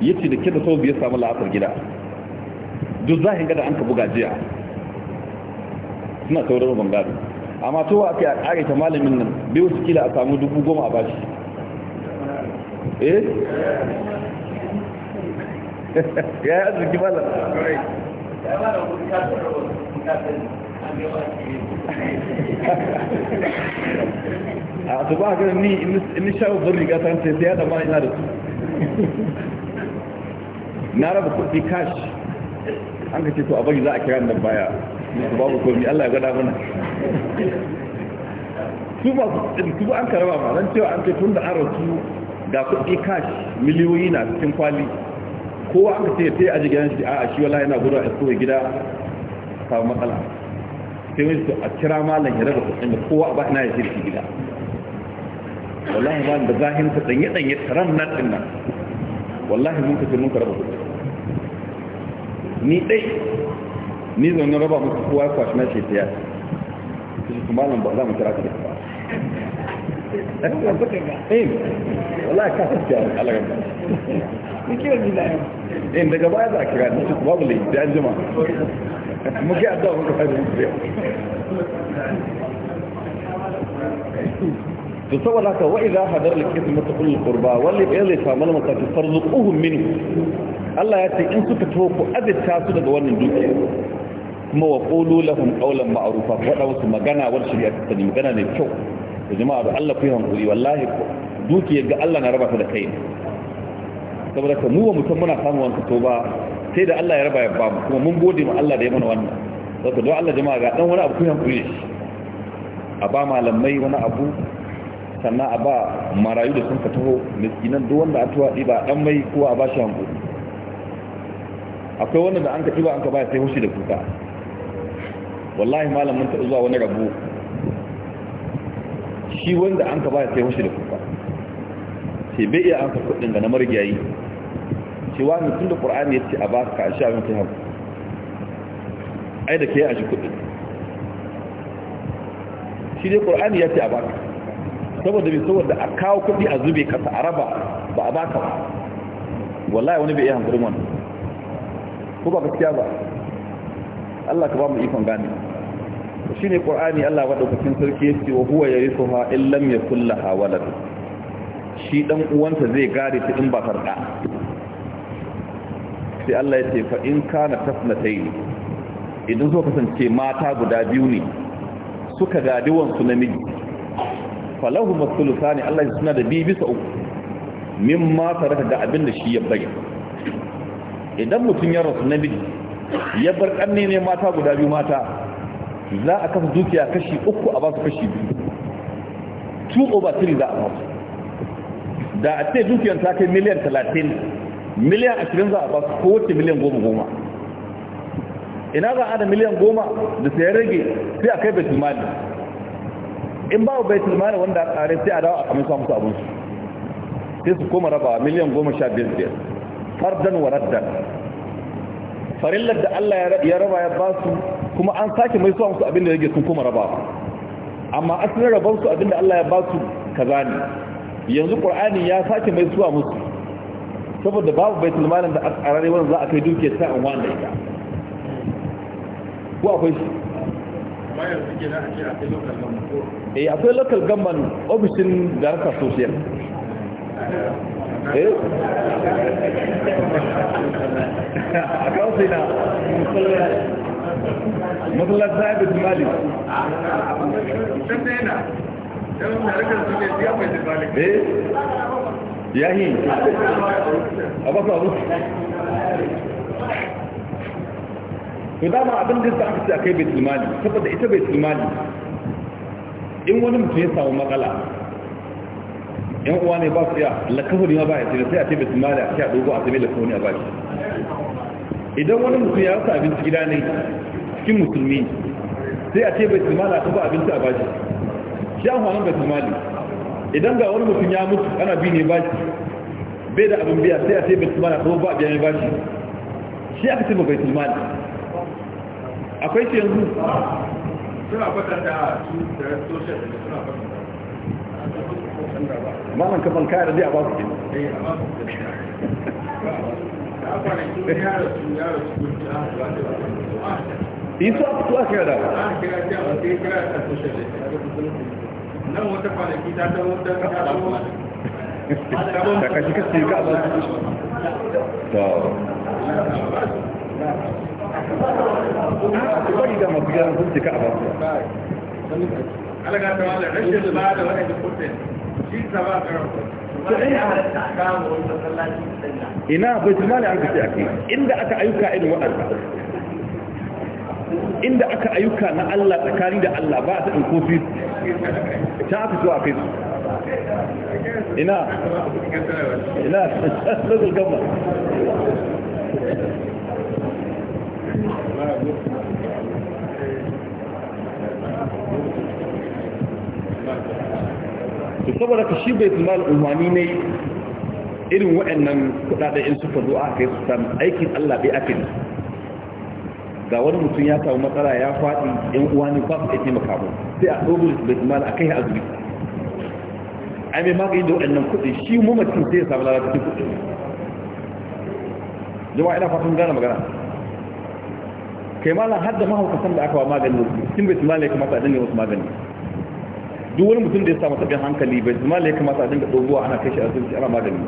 ya ce da ke da sau biyar samun la'afar gida duk zahin gada an ka buga jiya suna sauran gado amma to a kai a ƙarita malamin nan biyu su kila a samu dubu goma a bashi eh ya yi arziki malam a su ba ga ni in sha zan riga ta ce sai ya da ina da su na raba kudi cash an ka ce to a bari za a kira nan baya babu komi Allah ya gada mana su ba su an karaba ma zan cewa an ce tun da an rasu ga kuɗi cash miliyoyi na cikin kwali kowa an ka ce sai a ji gidan shi a shi wala yana gudu a isko gida samu matsala sai wani a kira malam ya raba kuɗin da kowa ba ina ya shirki gida wallahi ba da zahin ta ɗanye-ɗanye taran nan ɗin nan wallahi mun kace mun karaba kuɗi ni dai ni zaune raba musu kowa kwashi na shefiya su su malam ba za mu kira ka da ba eh, eh, wala da yau in eh, daga baya za a kira ni su babu lai da an jima muke addawa muka fara musu yau to saboda haka wa idza hadar likitu mutaqul qurba walli bi yadhi samal makatu farzuquhum minhu Allah ya ce in suka taho ku azita su daga wannan dukiya kuma wa qulu lahum qawlan ma'rufa wada wasu magana wal shari'a ta magana ne kyau to Allah ku yi hankuri wallahi dukiya ga Allah na raba ta da kai saboda ka mu wa mutum muna samu wanka to ba sai da Allah ya raba ya mu mun ma Allah mana wannan Allah ga dan wani abu ku yi a ba malamai wani abu sannan a ba marayu da sun ka taho miskinan duk wanda a tuwa ɗiba ɗan mai kuwa a ba shi hankali akwai wanda da an ka ɗiba an ka ba sai hushi da kuka wallahi malam mun taɓa zuwa wani rabu shi wanda an ka ba sai hushi da kuka sai bai iya an ka kuɗin ga na marigayi cewa ne tun da ƙur'ani ya ce a ba ka a sha abin kai hankali ai da ke yi a shi kuɗin shi dai ƙur'ani ya ce a ba ka saboda bi saboda a kawo kudi a zube kasa a raba ba a baka ba wallahi wani bai iya hankulin wani ko ba gaskiya ba Allah ka ba mu ikon gane shi ne ƙorani Allah maɗaukacin sarki yake wa huwa ya riso ha in ya kulla ha walad shi dan uwanta zai gare ta in ba farka sai Allah ya ce fa in kana tasnatai idan zo kasance mata guda biyu ne suka gadi wansu namiji falahu matsulutani Allah suna da biyu bisa uku min ma raka ga abin da shi ya bage. idan mutum ya rasu na biyu ya bar ƙanne ne mata guda biyu mata za a kafa dukiya kashi uku a basu kashi biyu two over three za a basu da a ce dukiyar ta kai miliyan talatin miliyan ashirin za a basu ko wace miliyan goma goma ina za a da miliyan goma da sai rage sai a kai bai mali in babu baitul mali wanda a tsare sai a dawo a kamar musu abin su sai su koma raba miliyan goma sha biyar biyar fardan wa raddan farillar da Allah ya raba ya ba su kuma an sake mai suwa musu abin da yake sun koma raba amma asalin rabon su abin da Allah ya ba su kaza ne yanzu qur'ani ya sake mai suwa musu saboda babu baitul mali da a tsare wanda za a kai ta sa'an wanda ita ko akwai shi eh akwai local government ofishin daraka social eh na matsalar mali eh abu to dama abin da aka ce a kai bai tilmali saboda ita bai tilmali in wani mutum ya samu matsala yan uwa ne ba su ya lakahu ne ba ya sai a ce bai tilmali a sha dogo a lakahu ne a baki idan wani mutum ya rasa abinci gida ne cikin musulmi sai a ce bai tilmali a kafa abinci a baki shi an hannun bai tilmali idan ga wani mutum ya mutu ana bi ne baki bai da abin biya sai a ce bai tilmali a kafa ba biya ne baki shi aka ce bai tilmali akwai shi yanzu suna kwatanta suna kayar a ke su nan wata kwanaki ta ta wata ta ta ku bari masu gyaran sun cika a ba su ina tumali an ake inda aka ayyuka irin waɗanda inda aka ayyuka na Allah tsakani da Allah ba a taɗin kofi ta aka zuwa kai ina ina na ina to saboda ka shi bai tumal umarni ne irin waɗannan kuɗaɗe in suka zo a kai su sami aikin Allah bai ake yi. ga wani mutum ya samu matsala ya faɗi yan uwa ne ba su ɗaya taimaka mu sai a ɗogun bai tumal a kai azumi ai mai yi da waɗannan kuɗi shi mamacin sai ya samu lalata cikin kuɗi jama'a ina fatan gane magana kai malam har da mahaukatan da aka wa magani kin bai tumala ya kamata a dinga wasu magani duk wani mutum da ya samu sabbin hankali bai tumala ya kamata a dinga dogowa ana kai shi a asibiti ana magani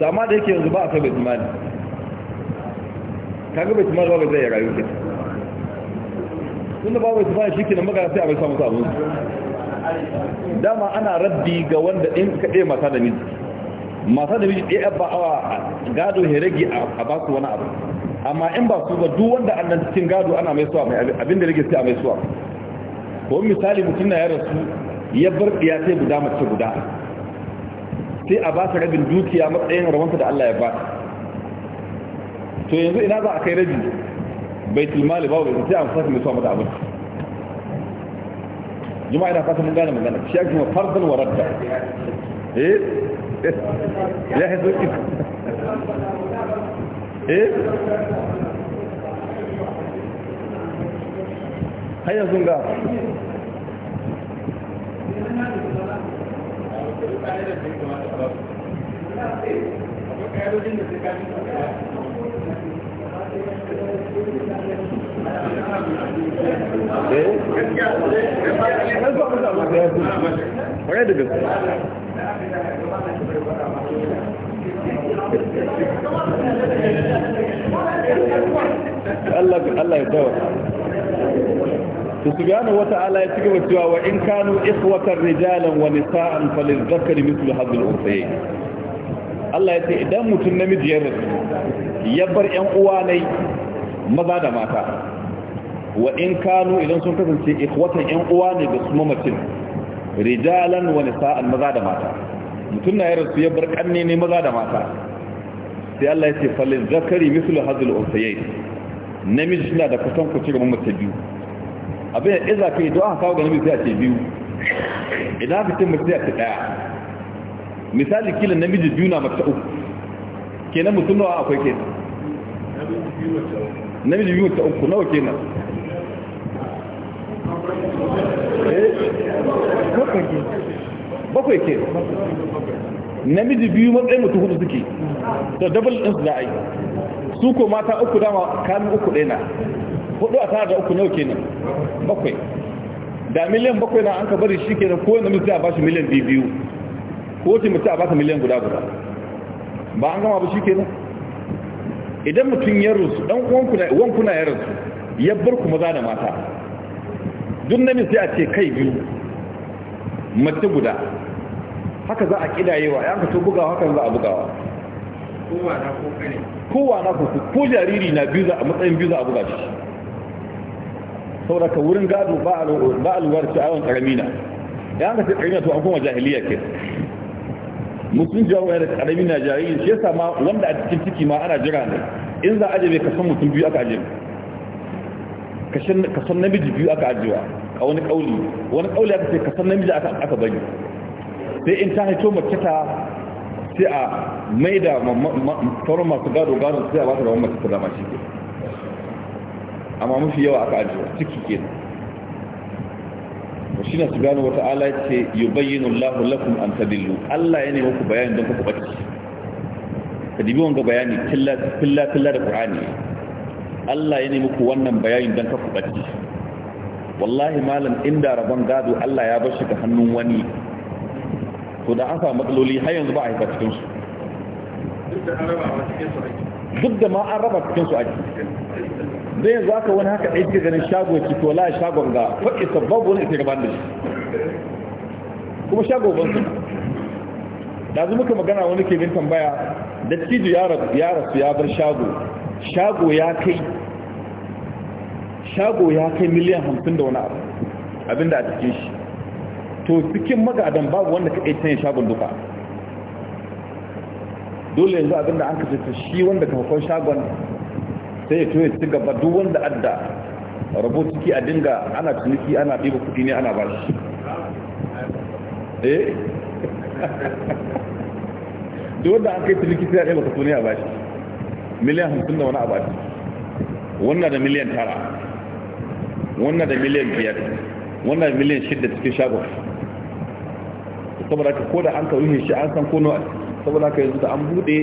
da amma da yake yanzu ba a kai bai tumala kaga bai tumala ba zai ya rayu ke tunda ba bai tumala shi ke nan magana sai a bai samu sabon dama ana rabbi ga wanda in kaɗe mata da miji masu da miji ɗaya ba a gado ya rage a ba su wani abu amma in ba su ba duk wanda an nan cikin gado ana mai suwa mai abin da rage sai a mai suwa ko misali mutum na ya rasu ya bar ɗiya sai guda mace guda sai a ba ta rabin dukiya matsayin rabonsa da Allah ya ba to yanzu ina za a kai rabi bai tilmali ba wani sai a fasa mai suwa mata abin juma'a ina fasa mun gane magana shi ake kuma farzan wa radda eh ya haifo ki eh Allah ya dawa Tusubiyanu wata ala ya cigaba cewa wa in kanu ikhwatan rijalan wa nisa'an falizakari mithlu hadhihi al-usayn Allah ya ce idan mutum namiji ya rasu ya bar ƴan uwa ne maza da mata wa in kanu idan sun kasance ikhwatan ƴan uwa ne da su mamacin rijalan wa nisa'an maza da mata mutum na yaran su ya bar kanne ne maza da mata sai Allah ya ce falil zakari mislu hadhil usayyid namiji suna da kusan kuci ga mamata biyu abin da iza kai don aka kawo ga namiji sai a ce biyu idan aka ce mace sai ɗaya. daya misali kila namiji biyu na mata uku kenan mutum nawa akwai kenan namiji biyu mata uku nawa kenan bakwai ke namiji biyu matsayin mutu hudu suke da double ɗin za a su ko mata uku dama kamin uku ɗaya na hudu a tara da uku nawa kenan bakwai da miliyan bakwai na an ka bari shi da ko wani mutu a bashi miliyan biyu biyu ko wace mutu a bashi miliyan guda guda ba an gama ba shi ke kenan idan mutum ya rusu ɗan uwan kuna ya rusu ya bar ku maza da mata duk namin sai a ce kai biyu mace guda haka za a kidayewa ya ka to bugawa hakan za a bugawa kowa na kusa ko jariri na biyu a matsayin biyu za a buga shi sauraka wurin gado ba a lura da yawan karamina ya haka sai karamina to an kuma jahiliya ke mutum jawo yana da karamina jariri shi ya ma wanda a cikin ciki ma ana jira ne in za a ajiye kasan mutum biyu aka ajiye Ka san namiji biyu aka ajiyewa a wani kauli wani kauli aka ce ka san namiji aka bari sai in ta haito mace ta sai a mai da sauran masu gado gado sai a bata da wani ta dama shi amma mafi yawa aka ajiyewa ciki ke shi na su gano wata ala ce yi bayyana Allah lakum an tadillu Allah ya nemi ku bayani don kuka kuɓaci ka dibi wanga bayani filla filla da ƙur'ani Allah ya nemi ku wannan bayanin don ka kubaci wallahi malam inda rabon gado Allah ya bar shi ga hannun wani to da an samu matsaloli har yanzu ba a haifa cikin su duk da ma an raba cikin su aji da yanzu aka wani haka aiki ga ganin shago ki to la shagon ga faɗi sababu wani ita gaban da shi kuma shago ban su da zu muka magana wani ke bin tambaya da cijo ya rasu ya bar shago shago ya kai shago ya kai miliyan hamsin da wani abu abinda a cikin shi to cikin magadan babu wanda ka ɗaya ya shagon duka dole yanzu abinda an kasance shi wanda ka hukun shagon sai ya toye su gaba duk wanda adda rabo ciki a dinga ana ciniki ana ɗiba kuɗi ne ana ba shi eh duk wanda an kai ciniki sai a ɗiba kuɗi ne a ba shi miliyan hamsin da wani abu wannan da miliyan tara wannan da miliyan biyar wannan da miliyan shidda cikin shagon saboda ka ko da an karuhin shi an san kono saboda ka yanzu da an bude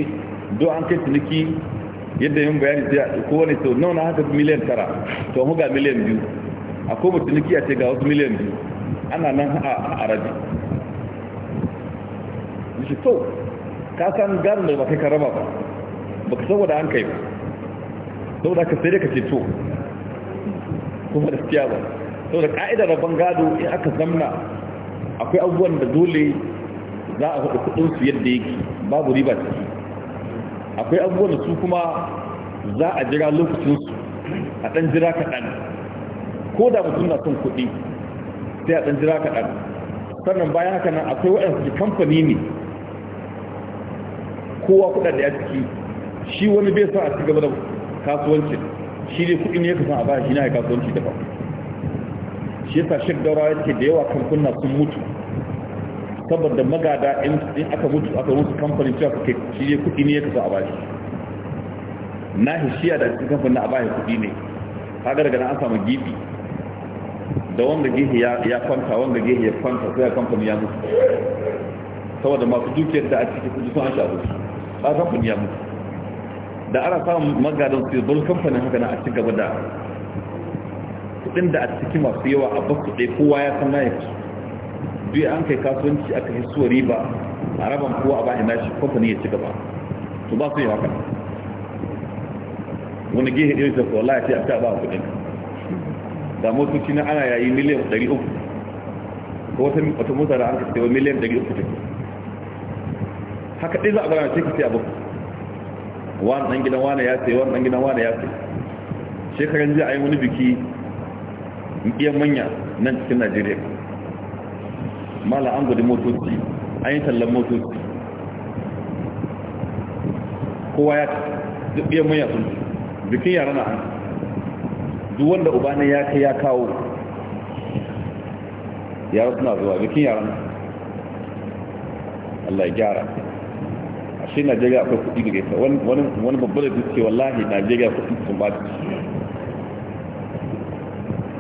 don an kai tuniki yadda yin bayani sai ko wani sau nawa na haka miliyan tara to an ga miliyan biyu a ko tuniki a ce ga wasu miliyan biyu ana nan a arabi shi to ka san gano da ba kai ka raba ba ba ka saboda an kai ba saboda ka sai da ka ce to kuma da gaskiya ba da ka'ida da gado in aka zamna akwai abubuwan da dole za a haɗa kuɗinsu yadda yake babu riba ciki akwai abubuwan da su kuma za a jira lokacinsu a ɗan jira kaɗan ko da mutum na son kuɗi sai a ɗan jira kaɗan sannan bayan haka nan akwai waɗansu kamfani ne kowa da ya ciki shi wani bai sa a ci gaba da kasuwancin shi ne kuɗi ne ya kasan a baya shi na ya kasuwanci daban shi yasa shek daura ya ce da yawa kamfuna sun mutu saboda magada in aka mutu aka mutu kamfanin cewa kake shi ne kuɗi ne ya kasan a baya na hishiya da cikin kamfanin a baya kuɗi ne ga daga an samu gifi da wanda gihe ya kwanta wanda gihe ya kwanta sai kamfanin ya mutu saboda masu dukiyar da a cikin kudu sun an shafi su a kamfanin ya mutu da ana samun magadan su yanzu kamfanin haka na a ci gaba da kudin da a ciki masu yawa a basu ɗaya kowa ya san nayi biya an kai kasuwanci aka yi suwa riba a rabin kowa a bayan nashi kamfanin ya ci gaba su ba su yi haka wani gehe ɗaya da kowa ya ce a ta ba kudin da motoci na ana yayi miliyan 300 ko wata mota da an ka sayo miliyan 300 haka ɗaya za a bara ce ka sai a basu wani dan gidan wani ya sai wani dan gidan wani ya sai shekaran ji a yi wani biki iya manya nan cikin najeriya mala an gudu motoci an yi tallan motoci kowa ya duk iya manya sun bikin yara na an duk wanda ubani ya kai ya kawo yara suna zuwa bikin yara Allah ya gyara Sai najeriya akwai kuɗi gare ta wani babbar da ce wallahi najeriya kuɗi sun ba da su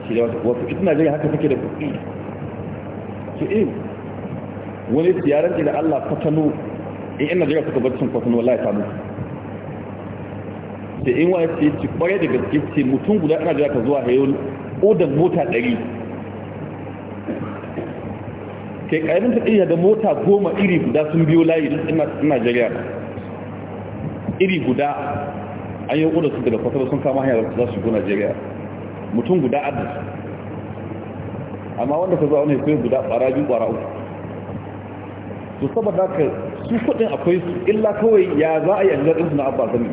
shi da wasu ita najeriya haka take da kudi su in wani tiyarar da allah kwatano in yan najeriya suka bar sun kwatano wallahi ta mutu da in wani ce ci kwarai da gaske ce mutum guda ana jira ka zuwa hayo odan mota ɗari kai ƙarin ta da mota goma iri guda sun biyo layi don najeriya iri guda an yi ƙuda su daga kwatar sun kama hanyar za su shigo najeriya mutum guda adda amma wanda ka zaune sai guda bara biyu bara uku to saboda ka su kudin akwai su illa kawai ya za a yi an jarin su na abba zami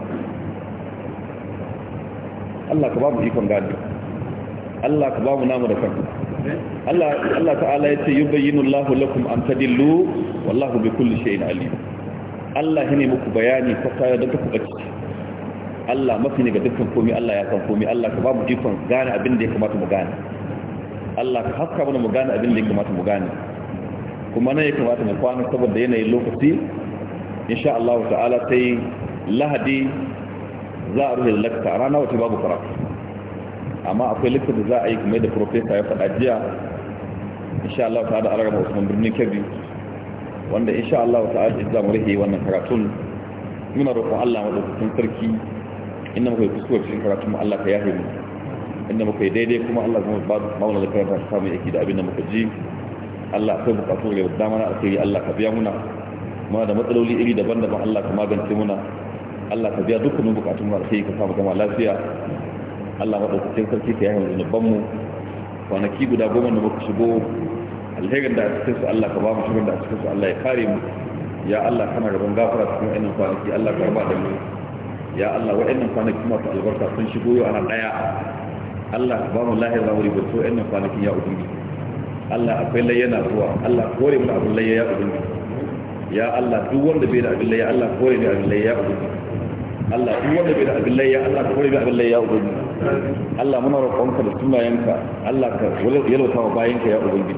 Allah ka ba mu ikon gani Allah ka ba mu namu da kanku Allah ta'ala ya yace yubayyinu Allahu lakum an tadillu wallahu bikulli shay'in alim Allah ya ne muku bayani fata da ta kuka ciki Allah mafi ne ga dukkan komai Allah ya san komai Allah ka babu jikon gane abin da ya kamata mu gane Allah ka haska mana mu gane abin da ya kamata mu gane kuma nan ya kamata mu kwana saboda yanayin lokaci insha Allah ta'ala sai lahadi za a rufe lakta rana wata babu karatu amma akwai littar da za a yi kuma da profesa ya faɗa jiya insha Allah ta da alaƙa Usman birnin Kebbi wanda insha Allah ta da za mu rahe wannan karatun muna roƙon Allah madaukakin sarki inda muka yi kuskure cikin karatun mu Allah ka yahe mu inda muka yi daidai kuma Allah zama ba mauna da karanta ta samu yake da abin da muka ji Allah akwai bukatu da dama na alkhairi Allah ka biya muna muna da matsaloli iri daban-daban Allah ka magance muna Allah ka biya dukkanin bukatun mu alkhairi ka samu zama lafiya Allah maɗaukacin sarki ta yawan zunubanmu kwanaki guda goma da muka shigo alherin da a su Allah ka ba mu shirin da a cikinsu Allah ya kare mu ya Allah kana gaban gafara cikin wa'annan kwanaki Allah ka raba da mu ya Allah wa'annan kwanaki masu albarka sun shigo yau ana ɗaya Allah ka ba mu lahir za mu ribar so wa'annan kwanakin ya ubangi Allah akwai na zuwa Allah kore mu abin layya ya ubangi ya Allah duk wanda bai da abin layya Allah kore ne abin layya ya ubangi Allah duk wanda bai da abin layya Allah kore ne abin layya ya ubangi Allah muna roƙonka da sunayenka Allah ka yalwata wa bayanka ya ubangiji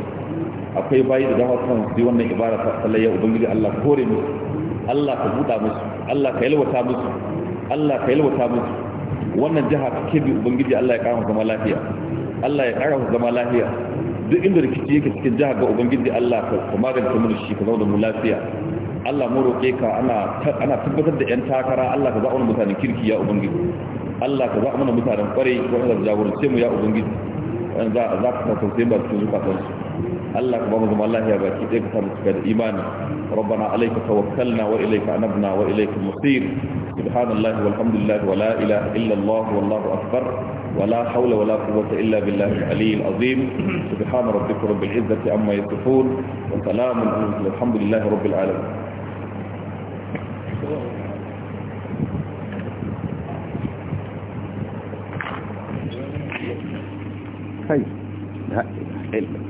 akwai bayi da dama kan su wannan ibara ta sallai ya ubangiji Allah kore musu Allah ka buɗa musu Allah ka yalwata musu Allah ka yalwata musu wannan jiha ta kebe ubangiji Allah ya kama zama lafiya Allah ya kara zama lafiya duk inda rikici yake cikin jiha ga ubangiji Allah ka magance mu shi ka zama da mu lafiya Allah mu roƙe ka ana tabbatar da yan takara Allah ka zaɓa mana mutanen kirki ya ubangiji Allah ka zaɓa mana mutanen kwarai wanda za jagorance mu ya ubangiji wanda za ka tausaye ba cikin zukatansu الله كبابا زم الله يا باكي تكتم تكاد إيمانا ربنا عليك توكلنا وإليك أنبنا وإليك المصير سبحان الله والحمد لله ولا إله إلا الله والله أكبر ولا حول ولا قوة إلا بالله العلي العظيم سبحان ربك رب العزة عما يصفون وسلام الحمد لله رب العالمين طيب